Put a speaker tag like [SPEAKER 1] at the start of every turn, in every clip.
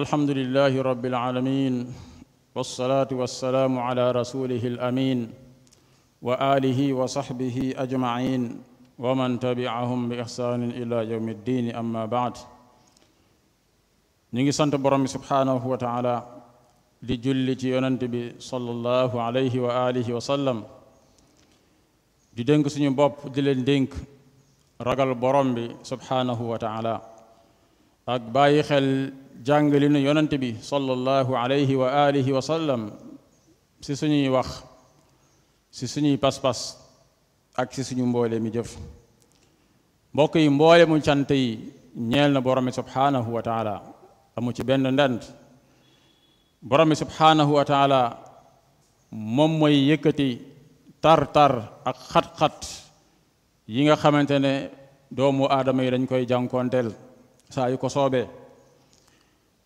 [SPEAKER 1] الحمد لله رب العالمين والصلاة والسلام على رسوله الأمين وآله وصحبه أجمعين ومن تبعهم بإحسان إلى يوم الدين أما بعد نيجي سانت بروم سبحانه وتعالى لجل julli صلى الله عليه وآله وسلم wa alihi wa sallam رجل dénk سبحانه وتعالى ak bàyyi xel jàngalinu yonent bi sallallahu alayhi wa alihi wa sallam si suñuy wax si suñuy pas-pas ak si suñu mboole mi jëf mbokk yi mboole mu cant yi ñeel na borom subhanahu wa taala amu ci benn ndant borom subhanahu wa taala moom mooy yëkkati tar-tar ak xat-xat yi nga xamante ne doomu aadama yi dañ koy jànkonteel saa yu ko soobee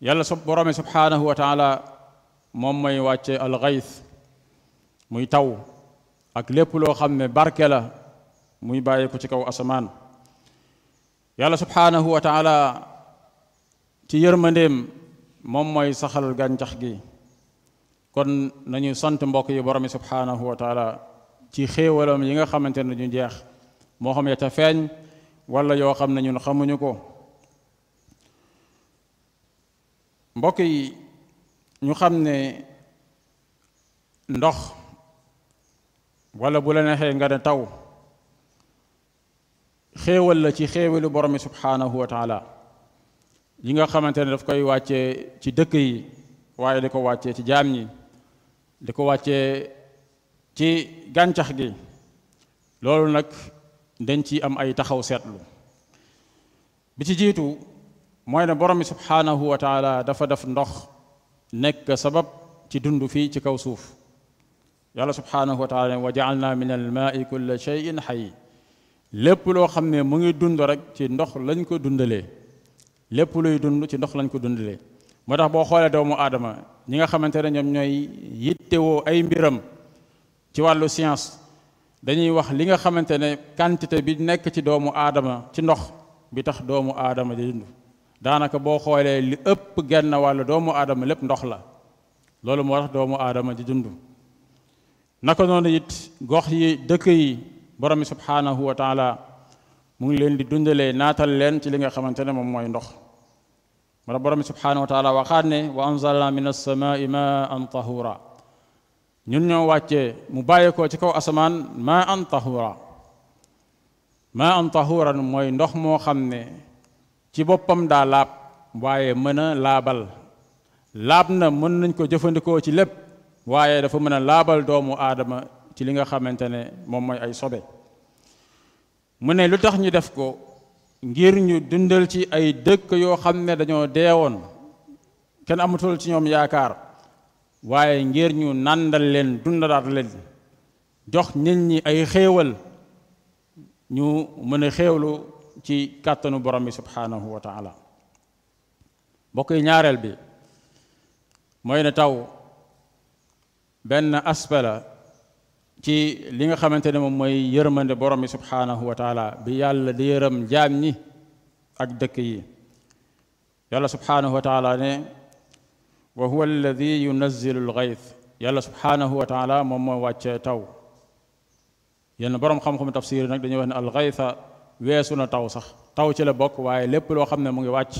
[SPEAKER 1] yàlla su borome subhaanahu wa taala moom mooy wàcce alxays muy taw ak lépp loo xam ne barke la muy bàyyi ko ci kaw asamaan yàlla subhaanahu wa taala ci yërmandeem moom mooy saxal gàncax gi kon nañu sant mbokk yi borom subhaanahu wa taala ci xéewalam yi nga xamante ñu jeex moo xam ne te feeñ wala yoo xam ñun xamuñu ko mbokk yi ñu xam ne ndox wala bu la neexee nga ne taw xéewal la ci xéewalu borom bi subhaanahu wa yi nga xamante ne daf koy wàccee ci dëkk yi waaye di ko wàccee ci jaam ñi di ko wàcce ci gàncax gi loolu nag dañ ci am ay taxaw seetlu bi ci jiitu mooy ne borom subhanahu wa taala dafa def ndox nekk sabab ci dund fii ci kaw suuf yàlla subhanahu wa taala ne wa jaalna min almaai kulla cheyin xay lépp loo xam ne mu ngi dund rek ci ndox lañ ko dundalee lépp luy dund ci ndox lañ ko dundalee moo tax boo xoolee doomu aadama ñi nga xamante ne ñoom ñooy yittewoo ay mbiram ci wàllu science dañuy wax li nga xamante ne quantité bi nekk ci doomu aadama ci ndox bi tax doomu aadama di dund danaka bo xolé li ëpp genn wàllu doomu adam lépp ndox la lolu mo wax doomu adam di dund nako non yit gox yi dëkk yi borom subhanahu wa taala mu ngi leen di dundale natal leen ci li nga xamantene mom moy ndox mara borom subhanahu wa taala waxaat ne wa anzalna minas alsamaai maan tahura ñun ñoo wàcce mu ko ci kaw asamaan maan tahura maan tahuran mooy ndox moo xam ne ci boppam daa laab waaye mën a laabal laab na mën nañ ko jëfandikoo ci lépp waaye dafa mën a laabal doomu aadama ci li nga xamante ne moom mooy ay sobe mu ne lu tax ñu def ko ngir ñu dundal ci ay dëkk yoo xam ne dañoo deewoon kenn amatul ci ñoom yaakaar waaye ngir ñu nàndal leen dundalaat leen jox nit ñi ay xéewal ñu mën a xéewlu ci kàttanu borom bi subhanahu wa taala mbokk yi ñaareel bi mooy ne taw benn aspect la ci li nga xamante ne moom mooy yërmande borom bi subhanahu wa taala bi yàlla di yërëm jaam ñi ak dëkk yi yàlla subhanahu wa taala ne wa huwa alladi yunazzilu alghayth yàlla subhanahu wa taala moom moo wàcce taw yenn borom xam-xam tafsir nag dañuy wax ne alghaytha weesu na taw sax taw ci la bokk waaye lépp loo xam ne mu ngi wàcc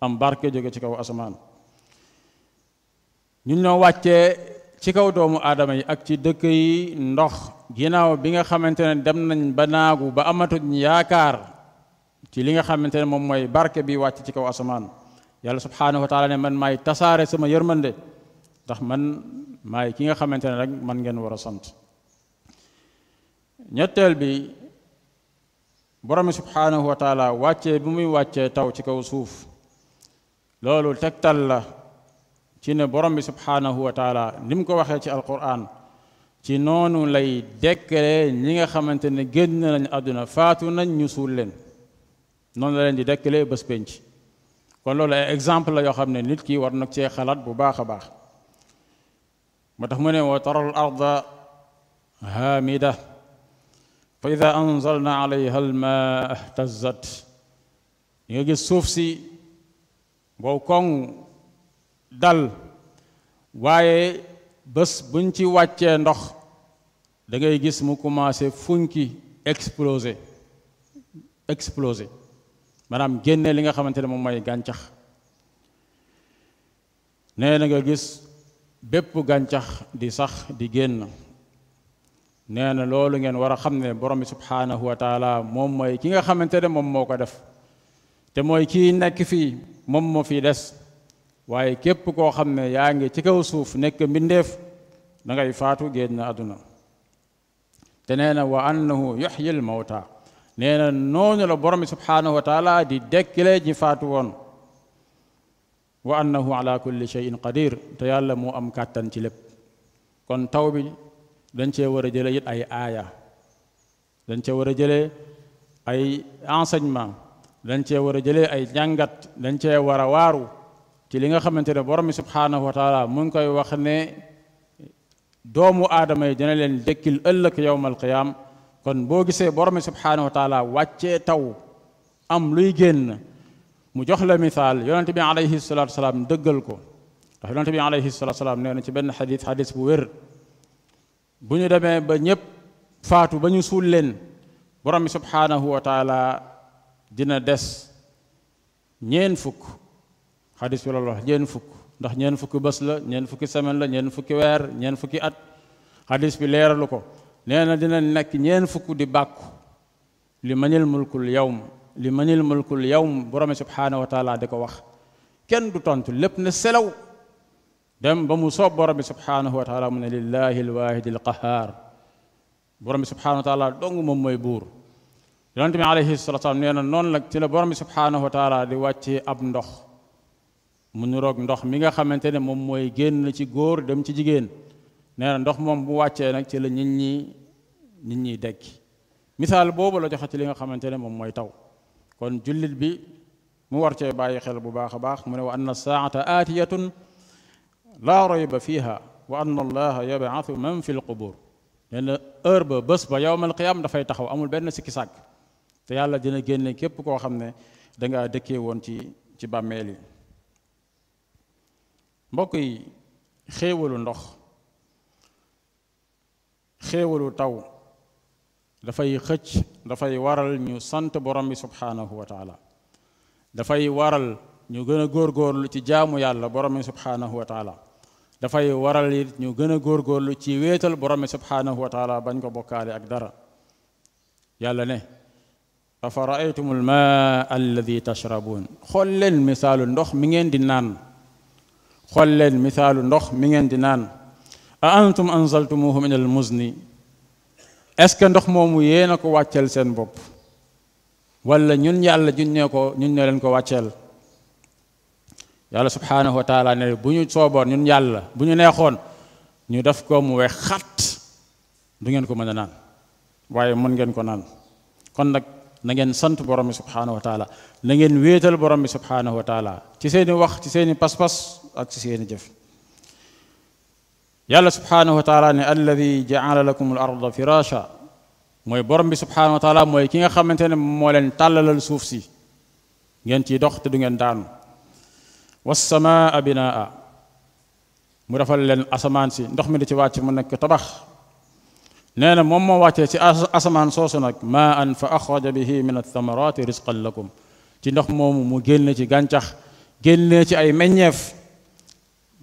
[SPEAKER 1] am barke jóge ci kaw asamaan ñun ñoo wàccee ci kaw doomu aadama yi ak ci dëkk yi ndox ginnaaw bi nga xamante ne dem nañ ba naagu ba amatuñ yaakaar ci li nga xamante ne moom mooy barke bi wàcc ci kaw asamaan yàlla subhaanahu wa ne man maay tasaare sama yërmande ndax man maay ki nga xamante ne rek man ngeen war a sant ñetteel bi borom subhanahu wa taala wàccee bi muy wàccee taw ci kaw suuf loolu tegtal la ci ne borom bi subhanahu wa taala ni mu ko waxee ci alquran ci noonu lay dekkalee ñi nga xamante ne génn nañ àdduna faatu nañ ñu suul leen noonu la leen di dekkalee bés penc kon loolu ay exemple la yoo xam ne nit ki war nag cee xalaat bu baax a baax moo tax mu ne wa taral arda haamida فإذا أنزلنا عليها الماء اهتزت يجي السوفسي بوكون دال واي بس بنتي واتي نخ دغاي غيس مو كوماسي فونكي اكسبلوزي اكسبلوزي مانام ген ليغا خامتاني موم ماي غانتاخ نيه نغا غيس بيب غانتاخ دي صح دي ген nee na loolu ngeen war a xam ne borom bi subhaanahu wa taala moom mooy ki nga xamante ne moom moo ko def te mooy kii nekk fii moom moo fii des waaye képp koo xam ne yaa ngi ci kaw suuf nekk mbindeef da ngay faatu génn àdduna te nee na wa annahu yuxyil mawta nee na noonu la borom bi subhaanahu wa taala di dekkile ñi faatu woon wa annahu ala kulli cheyin qadir te yàlla moo am kàttan ci lépp kon taw bi dañ cee war a jëlee it ay aaya dañ cee war a jëlee ay enseignement dañ cee war a jëlee ay jàngat dañ cee war a waaru ci li nga xamante ne borom subhanahu wa taala mu ngi koy wax ne doomu aadama yi dina leen dëkkil ëllëg yowmal qiyam kon boo gisee borom subhanahu wa taala wàccee taw am luy génn mu jox la misaal yonente bi alayhi salatu salaam dëggal ko ndax yonente bi alayhi salatu salaam nee na ci benn xadis xadis bu wér bu ñu demee ba ñépp faatu ba ñu suul leen borom bi subhaanahu wa dina des ñeen fukk xadis bi loolu ñeen fukk ndax ñeen fukki bës la ñeen fukki semaine la ñeen fukki weer ñeen fukki at xadis bi leeralu ko nee na dina nekk ñeen fukk di bàkku li mañil mulkul yawm li mañil mulkul yawm borom bi subhaanahu wa taala di ko wax kenn du tontu lépp ne selaw dem ba mu soob borom bi subhanahu wa taala mu ne lillahi alwahidi alqahaar borom bi subhanahu wa taala dong moom mooy buur yonente bi alayhi salatu salaam nee na noonu nag ci la borom bi subhanahu wa taala di wàccee ab ndox mu niroog ndox mi nga xamante ne moom mooy génn ci góor dem ci jigéen nee na ndox moom bu wàccee nag ci la nit ñi nit ñiy dekki misaal boobu la joxe ci li nga xamante ne moom mooy taw kon jullit bi mu war cee bàyyi xel bu baax a baax mu ne wa anna saata aatiyatun لا ريب فيها wa anna allaha yabaathu man fi l qubur nee na heure ba bés ba yowmal qiyaam dafay taxaw amul benn sikki sàkk te yàlla dina génne képp koo xam ne dangaa dëkkee woon ci ci bàmmeel yi mbokk yi xéewalu ndox xéewalu taw dafay xëcc dafay waral ñu sant borom bi subhaanahu wa taala dafay waral ñu gëna gor gor lu ci jaamu yàlla borom subhanahu wa taala da fay waral nit ñu gëna gor gor lu ci wétal borom subhanahu wa taala bañ ko bokalé ak dara yàlla ne afara'aytumul ma'a alladhi tashrabun tashrabuun xool leen misaalu ndox mi ngeen di naan xool leen misaalu ndox mi ngeen di naan a antum anzaltumuhu min al muzni est-ce que ndox moomu yéen a ko wàcceel seen bop wala ñun yàlla ñun ñee ko ñun ne len ko waccel yàlla subhaanahu wa taala ne bu ñu sooboon ñun yàlla bu ñu neexoon ñu def ko mu weex xat du ngeen ko mën a naan waaye mën ngeen ko naan kon nag na ngeen sant borom bi subhaanahu wa taala na ngeen wéetal borom bi subhaanahu wa taala ci seeni wax ci seeni pas-pas ak ci seeni jëf yàlla subhaanahu wa taala ne alladi jaala lakum al arda firasha mooy borom bi subhaanahu wa taala mooy ki nga xamante ne moo leen tàllalal suuf si ngeen ciy dox te du ngeen daanu wassamaa binaa mu defal leen asamaan si ndox mi di ci wàcc mu nekk tabax nee na moom moo wàccee ci asamaan soosu nag maa an fa axraja bihi min athamarati risqan lakum ci ndox moomu mu génne ci gàncax génne ci ay meññeef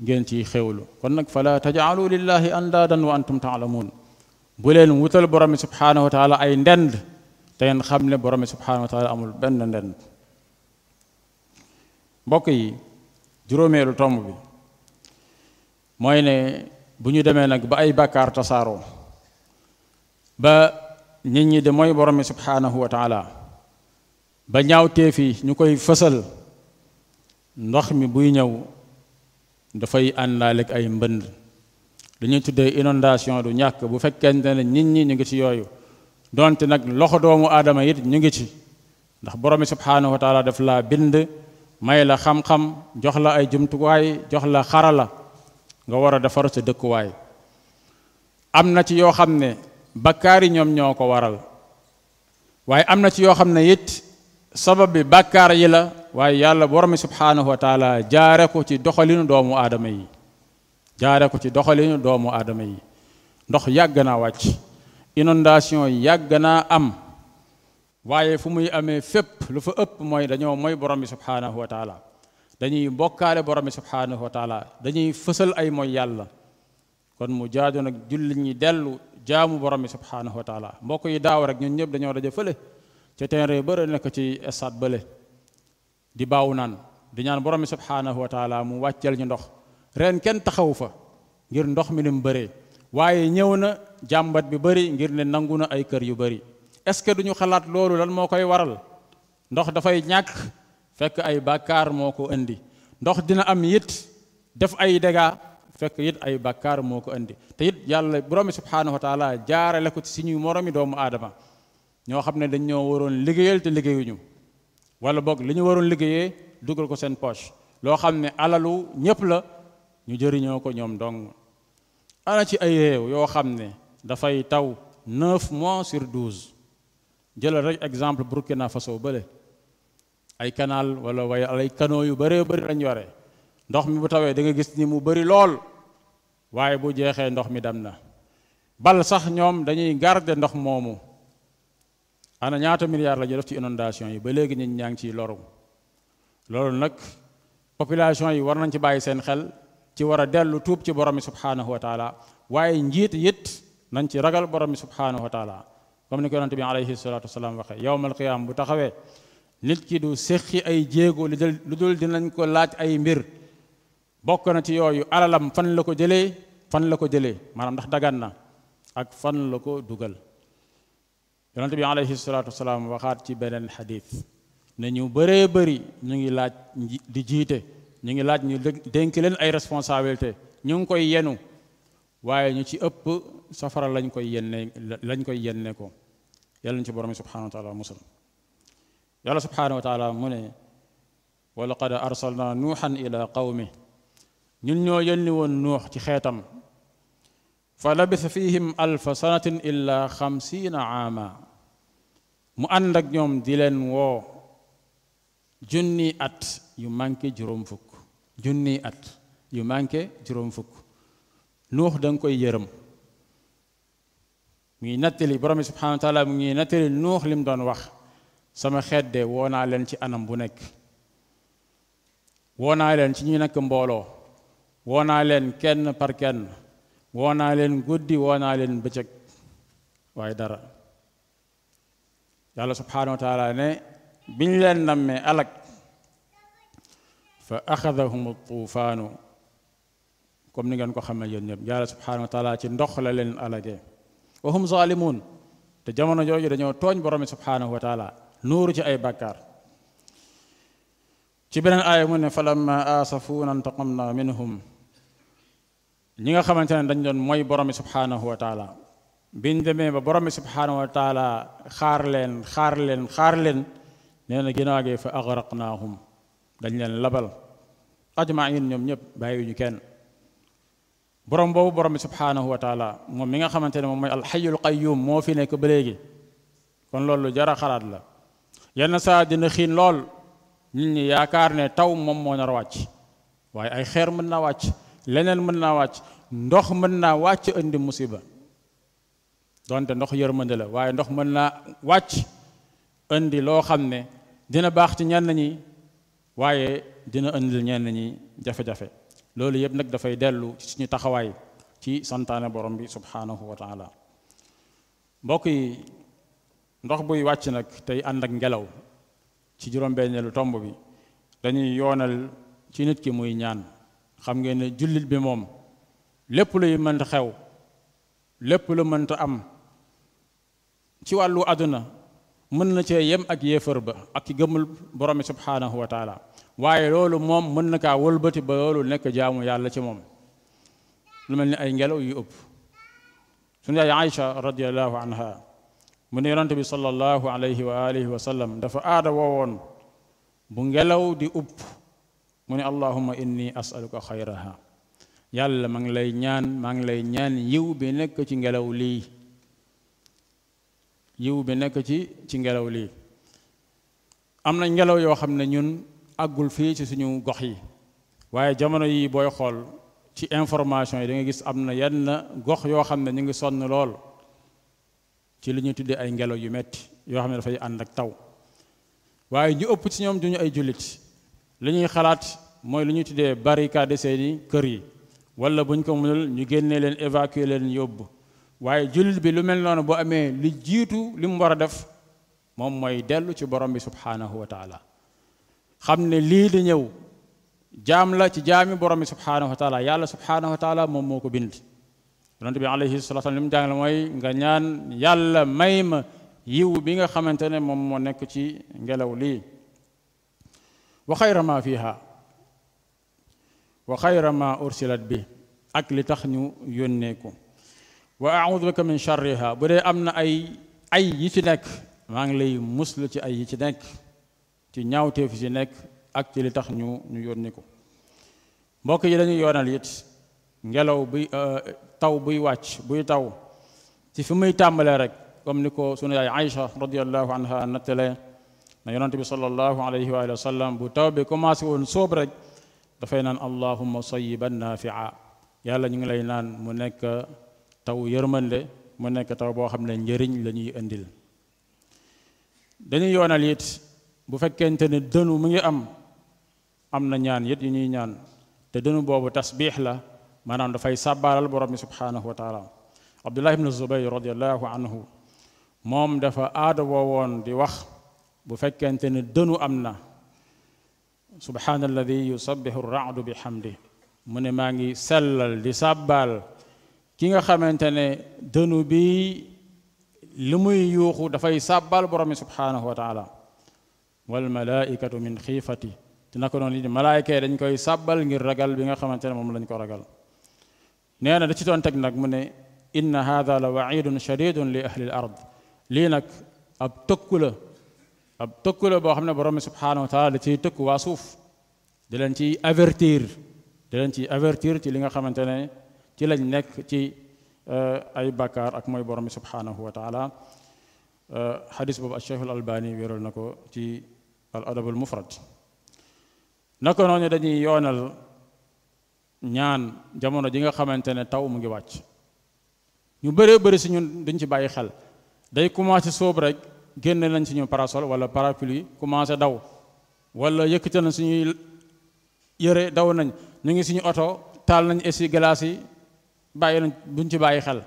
[SPEAKER 1] ngeen ciy xewlu kon nag fala tajaalu lillahi andaadan wa antum taalamuun bu leen wutal borom bi subhanahu wa taala ay ndend te ngeen xam ne borom bi subhanahu wa taala amul benn ndend mbokk yi juróomeelu tomb bi mooy ne bu ñu demee nag ba ay bàkkaar tasaaroo ba nit ñi de mooy borom mi subhaanahu wa ba ñaaw teefi ñu koy fësal ndox mi buy ñëw dafay àndaaleeg ay mbënd lu ñuy tuddee inondation du ñàkk bu fekkente ne nit ñi ñu ngi ci yooyu donte nag loxo doomu aadama it ñu ngi ci ndax borom mi subhaanahu wa taala laa bind may la xam-xam jox la ay jumtuwaay jox la xarala nga war a defar sa dëkkuwaay am na ci yoo xam ne bakkaar yi ñoom ñoo ko waral waaye am na ci yoo xam ne it sabab bi bakkaar yi la waaye yàlla borom mi subhaanahu wa taala jaare ko ci doxalinu doomu aadama yi jaare ko ci doxalinu doomu aadama yi ndox yàgg naa wàcc inondation yàgg naa am waaye fu muy amee fépp lu fa ëpp mooy dañoo mooy borom bi subhaanahu wa taala dañuy bokkaale borom bi subhaanahu wa taala dañuy fësal ay mooy yàlla kon mu jaadu nag jullit ñi dellu jaamu borom bi subhaanahu wa taala mbokk yi daaw rek ñun ñëpp dañoo daje fële ca terrain bëre nekk ci stade bële di baaw naan di ñaan borom bi subhaanahu wa taala mu wàcceel ñu ndox ren kenn taxawu fa ngir ndox mi ni mu waaye ñëw na jàmbat bi bëri ngir ne nangu na ay kër yu bëri est-ce que duñu xalaat loolu lan moo koy waral ndox dafay ñàkk fekk ay bàkkaar moo ko indi ndox dina am it def ay dégâts fekk it ay bàkkaar moo ko indi te it yàlla borom subhaanahu wa taala jaarale ko ci suñuy moroomi doomu aadama ñoo xam ne dañ ñoo waroon liggéeyal te liggéeyuñu wala boog li ñu waroon liggéeyee dugal ko seen poche loo xam ne alalu ñépp la ñu jëriñoo ko ñoom dong ana ci ay réew yoo xam ne dafay taw 9 mois sur 12 jëlal rek exemple Burkina Faso bële ay canal wala way ay canaux yu baree bëri lañ yore ndox mi bu tawee da nga gis ni mu bari lool waaye bu jeexee ndox mi dem na bal sax ñoom dañuy garder ndox moomu ana ñaata milliards la ñu def ci inondation yi ba léegi ñun ñaa ngi ciy loru loolu nag population yi war nañ ci bàyyi seen xel ci war a dellu tuub ci borom mi subhaanahu wa taala waaye njiit it nañ ci ragal borom mi subhaanahu wa taala comme ni ko yonante bi alayhi salaatu wasalaam waxee yowmal qiyaam bu taxawee nit ki du séqi ay jéego lu dul dinañ ko laaj ay mbir bokk na ci yooyu alalam fan la ko jëlee fan la ko jëlee maanaam ndax dagan na ak fan la ko dugal yonante bi alayhi salaatu wasalaam waxaat ci beneen xadiis ne ñu bëree bëri ñu ngi laaj di jiite ñu ngi laaj ñu dénk leen ay responsabilité ñu ngi koy yenu waaye ñu ci ëpp safara lañ koy yenne lañ koy yenne ko yàlla ñu ci borom subhanahu wa taala musul yàlla subhanahu wa taala mu ne wa laqad arsalna nuuhan ila qawmi ñun ñoo yenni woon nuux ci xeetam fa labisa fihim alfa sanatin illa xamsiina aama mu ànd ak ñoom di leen woo junni at yu manqué juróom fukk junni at yu manqué juróom fukk نوح دنكو يرم مي ناتلي برامي سبحانه وتعالى مي ناتلي نوح لم دون وخ سما خيت دي وانا لين سي انام بو نيك وانا لين سي ني نك مبولو وانا لين كين بار كين وانا لين غودي وانا لين بيچك واي دار يالا سبحانه وتعالى ني بين لين نامي الك فاخذهم الطوفان comme ni ngeen ko xamee yéen ñëpp yàlla subhanahu wa taala ci ndox la leen alage wa hum zalimun te jamono jooju dañoo tooñ borom subhanahu wa taala nuuru ci ay bakkar ci beneen aaya mu ne falamma asafuna intaqamna minhum ñi nga xamante ne dañ doon mooy borom subhanahu wa taala biñ demee ba borom subhanahu wa taala xaar leen xaar leen xaar leen nee na ginnaaw fa agraqnaahum dañ leen labal ajmain ñoom ñëpp bàyyiwuñu kenn borom boobu borom bi subhanahu wa taala moom mi nga xamante ne moom mooy alxayul qayyum moo fi nekk ba léegi kon loolu jara xalaat la yenn saa dina xiin lool nit ñi yaakaar ne taw moom moo nar a wàcc waaye ay xeer mën naa wàcc leneen mën naa wàcc ndox mën naa wàcc indi musiba donte ndox yërmande la waaye ndox mën naa wàcc indi loo xam ne dina baax ci ñenn ñi waaye dina indil ñenn ñi jafe-jafe loolu yëpp nag dafay dellu ci suñu taxawaay ci santaane borom bi subhanahu wa taala mbokk yi ndox buy wàcc nag tey ànd ak ngelaw ci juróom-benneelu tomb bi dañuy yoonal ci nit ki muy ñaan xam ngeen ne jullit bi moom lépp luy mënta xew lépp lu mënta am ci wàllu àdduna mën na cee yem ak yéefar ba ak ki gëmul borom bi subhanahu wa waaye loolu moom mën na kaa wëlbati ba loolu nekk jaamu yàlla ci moom lu mel ni ay ngelaw yu ëpp suñu yaay Aïcha radiallahu anha mu ne yonante bi sallallahu alayhi wa alihi wa sallam dafa aada woowoon bu ngelaw di upp mu ne allahuma inni asaluka xayraha yàlla ma ngi lay ñaan maa ngi lay ñaan yiw bi nekk ci ngelaw lii yiw bi nekk ci ci ngelaw lii am na ngelaw yoo xam ne ñun àggul fii ci suñu gox yi waaye jamono yii booy xool ci information yi da gis am na yenn gox yoo xam ne ñu ngi sonn lool ci lu ñuy tuddee ay ngelaw yu metti yoo xam ne dafay ànd ak taw waaye ñu ëpp ci ñoom duñu ay jullit li ñuy xalaat mooy lu ñuy tuddee barricade yi kër yi wala buñ ko mënul ñu génnee leen évacuer leen yóbbu waaye jullit bi lu mel noonu boo amee li jiitu li mu war a def moom mooy dellu ci borom bi subhanahu wa taala xamne li li ñëw jam la ci jami borom subhanahu wa taala yàlla subhanahu wa taala mom moko bind yonente bi alayhi salatu wasallam lim jangal moy nga ñaan yàlla mayma yiw bi nga xamantene mom mo nek ci ngelaw li wa khayra ma fiha wa khayra ma ursilat bi ak li tax ñu yonne ko wa a'udhu bika min sharriha bu dee ay ay yi ci nek ma ngi lay muslu ci ay yi ci nek ci ñaawteef si nekk ak ci li tax ñu ñu yónni mbokk yi dañuy yoonal it ngelaw bi taw buy wàcc buy taw ci fi muy tàmbalee rek comme ni ko sunu yaay Aïcha radiallahu anha nattalee na yonent bi sallallahu alayhi wa sallam bu taw bi commencé woon sóob rek dafay naan allahumma sayiban nafia yàlla ñu ngi lay naan mu nekk taw yërmande mu nekk taw boo xam ne njëriñ la ñuy indil dañuy yoonal it bu fekente ne dënu mu ngi am amna ñaan yët yi ñuy ñaan te dënu bobu tasbih la da fay sàbbaalal borom subhanahu wa taala abdullah ibn zubayr radiyallahu anhu mom dafa aada woowoon di wax bu fekente ne dënu amna subhanalladhi yusabbihu ar-ra'du bihamdi mune ma ngi selal di sabbal ki nga xamantene dënu bi limuy yuxu da fay sabbal borom subhanahu wa taala والملائكه من خيفتي تنكون لي ملائكه دنج كاي سابال غير رغال بيغا خامتاني موم لنج كو رغال نانا دا تيتون تك نك ان هذا لوعيد شديد لاهل الارض لينك اب توكل اب توكل بو خامنا بروم سبحانه وتعالى تي توك واسوف دلان تي افيرتير دلان تي افيرتير آه، تي ليغا خامتاني تي لاج نيك تي اي بكار اك موي سبحانه وتعالى آه، حديث باب الشيخ الالباني ويرول نكو al adabul mufrad naka noonu dañuy yoonal ñaan jamono ji nga xamante ne taw mu ngi wàcc ñu bëree bëri si ñun duñ ci bàyyi xel day commencé sóob rek génne nañ suñu parasol wala parapluie commencé daw walla yëkkate nañ suñuy yëre daw nañ ñu ngi suñu oto taal nañ essi glace yi bàyyi nañ duñ ci bàyyi xel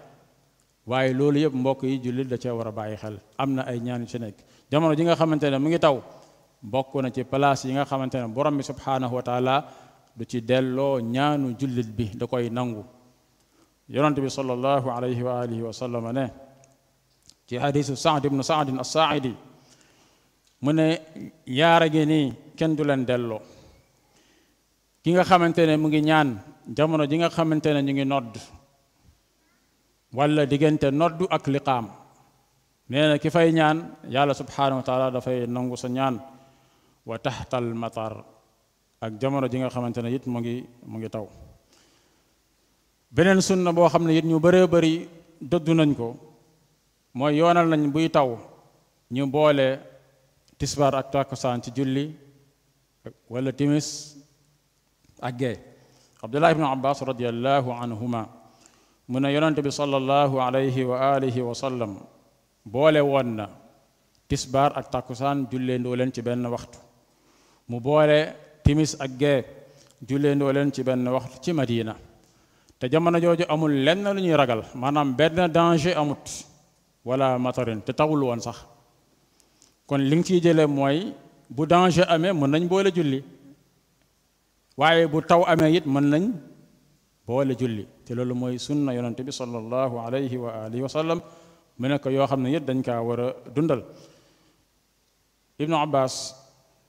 [SPEAKER 1] waaye loolu yëpp mbokk yi jullit da cee war a bàyyi xel am na ay ñaan yu ci nekk jamono ji nga xamante ne mu ngi taw bokk na ci place yi nga xamante ne borom bi subhanahu wa taala du ci delloo ñaanu jullit bi da koy nangu yonent bi sallallahu alayhi wa alihi wa sallam ne ci hadisu saad ibnu saadin asaaidi mu ne yaara gi nii kenn du leen delloo ki nga xamante mu ngi ñaan jamono ji nga xamante ñu ngi nodd wala noddu ak liqaam nee ki fay ñaan yàlla subhanahu wa taala dafay nangu sa ñaan wa taxtal matar ak jamono ji nga xamante ne it mu ngi mu ngi taw beneen sunna boo xam ne it ñu bëree bëri dëddu nañ ko mooy yoonal nañ buy taw ñu boole tisbaar ak takkusaan ci julli wala timis ak gee abdullah ibnu abbas radiallahu anhuma mu ne yonente bi sallallahu alayhi wa alihi wa sallam boole woon na tisbaar ak takkusaan jullee ndoo leen ci benn waxtu mu boole timis ak gee julleendoo leen ci benn waxtu ci madina te jamono jooju amul lenn lu ñuy ragal maanaam benn danger amut wala matarin te tawul woon sax kon li ngi ciy jëlee mooy bu danger amee mën nañ boole julli waaye bu taw amee it mën nañ boole julli te loolu mooy sunna yonante bi sallallahu alayhi wa alihi wa sallam mu nekk yoo xam ne it dañ kaa war a dundal ibnu abbas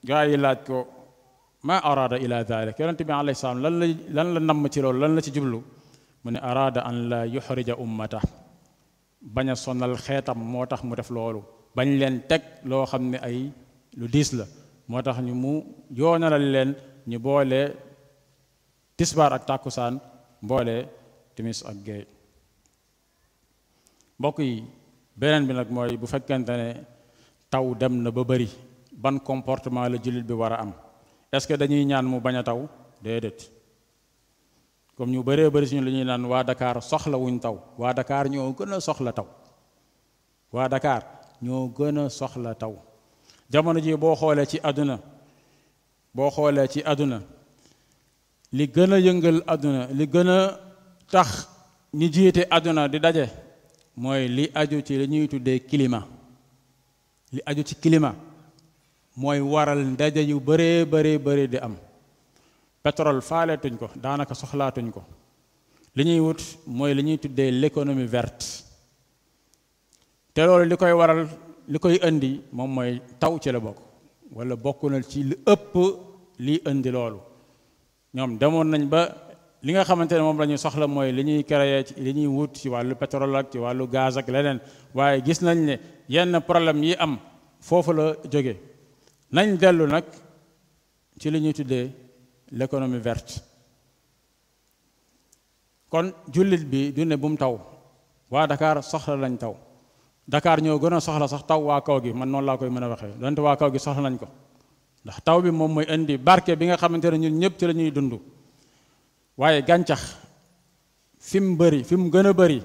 [SPEAKER 1] gaa yi laaj ko ma araada ila dalik yonente bi lan la lan la namm ci loolu lan la ci jublu mu ne araada an la yuxrija ummata bañ a sonal xeetam moo tax mu def loolu bañ leen teg loo xam ne ay lu diis la moo tax ñu mu yoonalal leen ñu boolee tisbaar ak tàkkusaan boole timis ak géey mbokk yi beneen bi nag mooy bu fekkente ne taw dem na ba bari ban comportement la jullit bi war a am est-ce que dañuy ñaan mu bañ a taw déedéet comme ñu bëree bëri si ñu li ñuy naan waa dakaar soxla wuñ taw waa dakaar ñoo gën a soxla taw waa Dakar ñoo gën a soxla taw jamono ji boo xoolee ci àdduna boo xoolee ci àdduna li gën a yëngal àdduna li gën a tax ñi jiite àdduna di daje mooy li aju ci li ñuy tuddee climat li aju ci climat mooy waral ndaje yu bëree bëree bëri di am pétrole faaleetuñ ko daanaka soxlaatuñ ko li ñuy wut mooy li ñuy tuddee l'économie verte te loolu li koy waral li koy indi moom mooy taw ci la bokk wala bokk na ci li ëpp lii indi loolu ñoom demoon nañ ba li nga xamante ne moom lañuy soxla mooy li ñuy créer ci li ñuy wut ci wàllu pétrole ak ci wàllu gaz ak leneen waaye gis nañ ne yenn problème yi am foofu la jóge nañ dellu nag ci lu ñuy tuddee l'économie verte kon jullit bi du ne bu mu taw waa dakaar soxla lañ taw dakaar ñoo gën a soxla sax taw waa kaw gi man noonu laa koy mën a waxee donte waa kaw gi soxla nañ ko ndax taw bi moom mooy indi barke bi nga xamante ne ñun ñëpp ci la ñuy dund waaye gàncax fi mu bëri fi mu gën a bari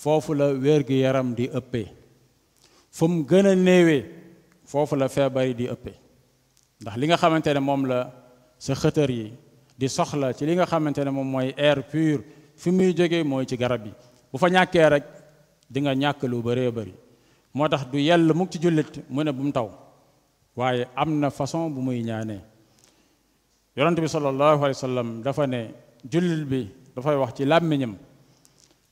[SPEAKER 1] foofu la wér-gi-yaram di ëppee fu mu gën a néewee foofu la feebar yi di ëppee ndax li nga xamante ne moom la sa xëtër yi di soxla ci li nga xamante ne moom mooy air pur fi muy jóge mooy ci garab yi bu fa ñàkkee rek di nga ñàkk lu bëree bëri moo tax du yell mukk ci jullit mu ne bu mu taw waaye am na façon bu muy ñaanee yonent bi sallallahu alayhi wa dafa ne jullit bi dafay wax ci làmmiñam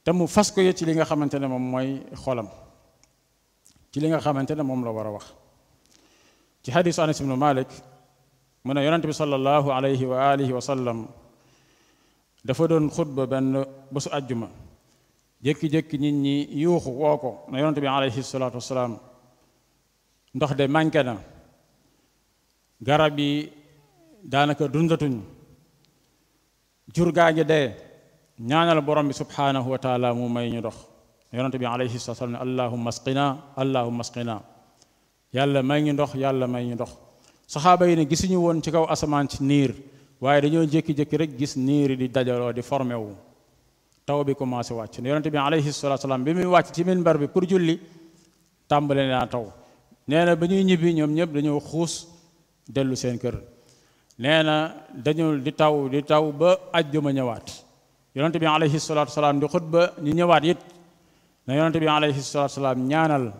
[SPEAKER 1] te mu fas ko ci li nga xamante ne moom mooy xolam ci li nga xamante ne moom la war a wax ci xadisu anas ibnu malik mu ne yonent bi sallallahu alayhi wa alihi wa sallam dafa doon xutba ben bésu àjjuma jékki-jékki nit ñi yuuxu woo ko ne yonent bi alayhi salaatu wasalaam ndox de manqué na garab yi daanaka dundatuñ jur gaa ngi dee ñaanal borom bi subhaanahu wa taala mu may ñu dox yonent bi alayhi salaatu wasalaam ne allahumma asqina allahumma asqina Yalla may ñu ndox yàlla may ñu ndox saxaaba yi ne gisuñu woon ci kaw asamaan ci niir waaye rek gis nir di dajaloo di formé wu taw bi commencé wàcc ne yonente bi alayhi salatu salaam bi muy wàcc ci minbar bi pour julli tàmbale naa taw nee na ba ñuy ñibbi ñoom ñëpp dañoo seen kër nee dañu di taw di taw ba ajjuma ñëwaat yonente bi alayhi salatu salaam di xutba ñu na yonente bi alayhi salatu salaam ñaanal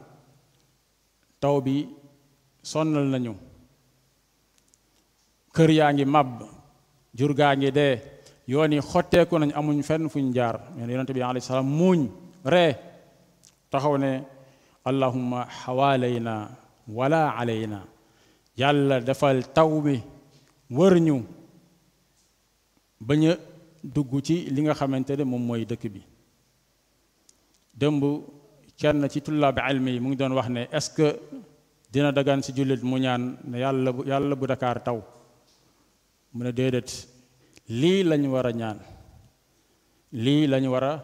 [SPEAKER 1] taw bi sonnal nañu kër yaa ngi màbb jur gaa ngi dee yoon yi xotteeku nañu amuñ fenn fuñ jaar men yonente bi alayhi salaam muuñ ree taxaw ne allahumma xawaalayna wala alayna yàlla defal taw bi wër ñu bañ dugg ci li nga xamante ne moom mooy dëkk bi dëmb kenn ci tullaabi almi yi mu ngi doon wax ne est ce que dina dagan ci jullit mu ñaan ne yàlla bu yàlla bu Dakar taw mu ne déedéet lii lañ war a ñaan lii lañ war a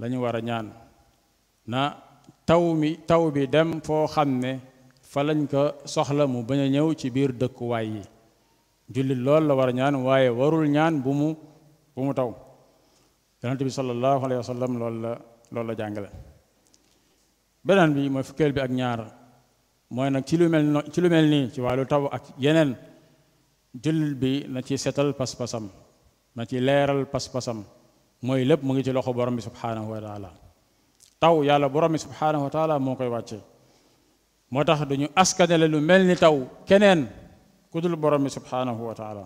[SPEAKER 1] lañ war a ñaan na taw mi taw bi dem foo xam ne fa lañ ko soxla mu bañ a ñëw ci biir dëkkuwaay yi jullit loolu la war a ñaan waaye warul ñaan bu mu bu mu taw yonente bi sallallahu alayhi wa sallam loolu la loolu la jàngale benen bi mooy fukkeel bi ak ñaar mooy nag ci lu mel no ci lu mel nii ci wàllu taw ak yeneen jullit bi na ci setal pas-pasam na ci leeral pas-pasam mooy lépp mu ngi ci loxo borom bi subhanahu wa taala taw yàlla borom bi subhanahu wa taala moo koy wàcce moo tax duñu askanele lu mel ni taw keneen ku dul borom bi subhanahu wa taala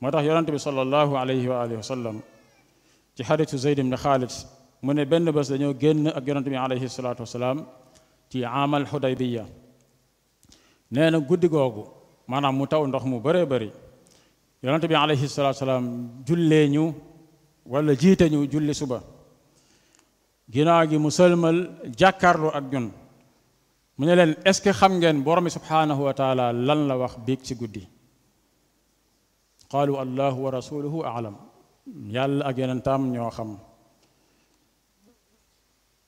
[SPEAKER 1] moo tax bi sallallahu alayhi wa alihi wa sallam ci xaditu zeyd ibn xaalid mu ne benn bés dañoo génn ak yonent bi alayhi salaatu wasalaam ci amal xudaybiya nee na guddi googu maanaam mu taw ndox mu bëree bëri yonent bi alayhi salaatu wasalaam jullee ñu wala jiite ñu julli suba ginnaaw gi mu sëlmal jàkkaarlu ak ñun mu ne leen est ce que xam ngeen borom bi subhaanahu wa taala lan la wax biig ci guddi qaalu allahu wa rasuluhu aalam yàlla ak yonentam ñoo xam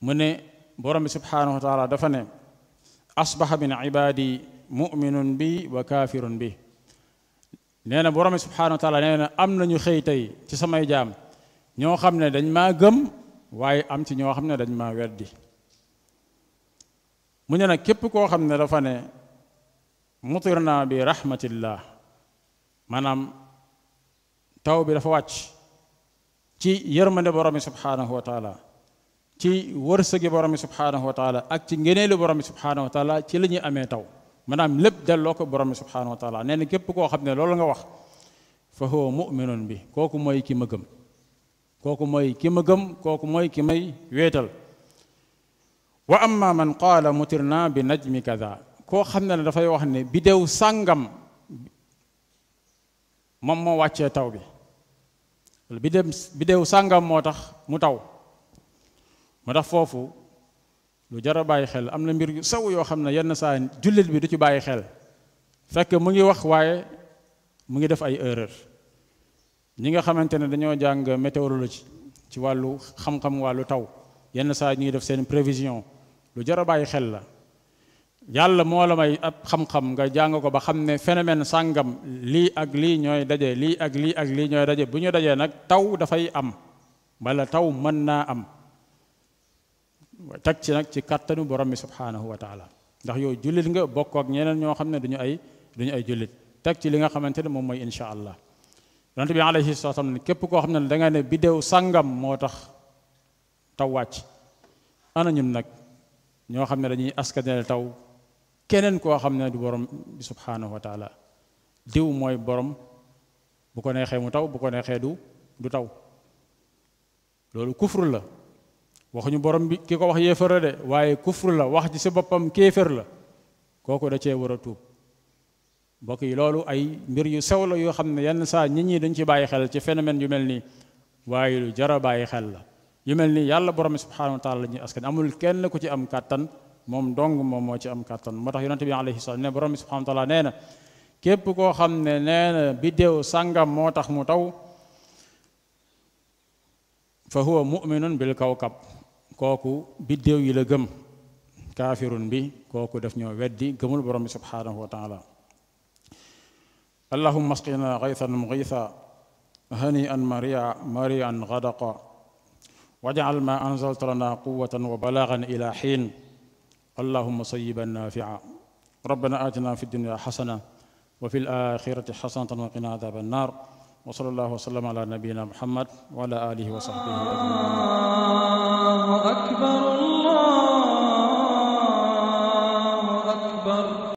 [SPEAKER 1] من برم سبحانه وتعالى دفن أصبح من عبادي مؤمن بي وكافر بي نينا برم سبحانه وتعالى نينا أمن نخيتي تسمى جام نيو خمنا دن ما غم واي أمتي نيو خمنا دن ما وردي من هنا كيف كو خمنا دفن مطرنا برحمة الله منام توبي دفواتش تي يرمنا برم سبحانه وتعالى ci wërsëgi borom bi subhanahu wa taala ak ci ngeeneelu borom bi subhanahu wa taala ci la ñuy amee taw maanaam lépp delloo ko borom bi subhanahu wa taala nee na képp koo xam ne loolu nga wax fa huwa muminun bi kooku mooy ki ma gëm kooku mooy ki ma gëm kooku mooy ki may wéetal wa amma man qala mutirna bi najmi kada koo xam ne dafay wax ne bidew sàngam moom moo wàccee taw bi bi bidew sàngam moo tax mu taw moo tax foofu lu jar a bàyyi xel am na mbir yu saw yoo xam ne yenn saa jullit bi du ci bàyyi xel fekk mu ngi wax waaye mu ngi def ay erreur ñi nga xamante ne dañoo jàng météorologie ci wàllu xam-xam wàllu taw yenn saa ñu ngi def seen prévision lu jar a bàyyi xel la yàlla moo la may ab xam-xam nga jàng ko ba xam ne phénomène sàngam lii ak lii ñooy daje lii ak lii ak lii ñooy daje bu ñu dajee nag taw dafay am walla taw mën naa am teg ci nag ci kattanu borom bi subhanahu wa taala ndax yow jullit nga bokk ak ñeneen ñoo xam ne duñu ay duñu ay jullit teg ci li nga xamante ne moom mooy insha allah yonent bi alayhi salaatu wa képp koo xam ne da nga ne biddew sàngam moo tax taw wàcc ana ñun nag ñoo xam ne dañuy askanele taw keneen koo xam ne du borom bi subhanahu wa taala diw mooy borom bu ko xee mu taw bu ko neexee du du taw loolu kufru la waxuñu borom bi ki ko wax yéefar la de waaye kufru la wax ji si boppam kéefar la kooku da cee war a tuub mbokk yi loolu ay mbir yu sew la yoo xam ne yenn saa nit ñi dañ ci bàyyi xel ci phénomène yu mel nii waaye lu jar a bàyyi xel la yu mel nii yàlla borom subhanahu wa taala la ñuy askan amul kenn ku ci am kàttan moom dong moom moo ci am kàttan moo tax yonente bi alayhi salaam ne borom subhanahu wa taala nee na képp koo xam ne nee na biddéew sàngam moo tax mu taw fa huwa muminun bil kawkab كوكو biddéew yi la gëm kaafirun bi kooku daf ñoo weddi gëmul borom bi subhaanahu wa taala allahumma هنيئا مريعا مريعا غدقا واجعل ما أنزلت لنا قوة وبلاغا إلى حين اللهم صيبا نافعا ربنا آتنا في الدنيا حسنة وفي الآخرة حسنة وقنا عذاب النار وصلى الله وسلم على نبينا محمد وعلى آله وصحبه أجمعين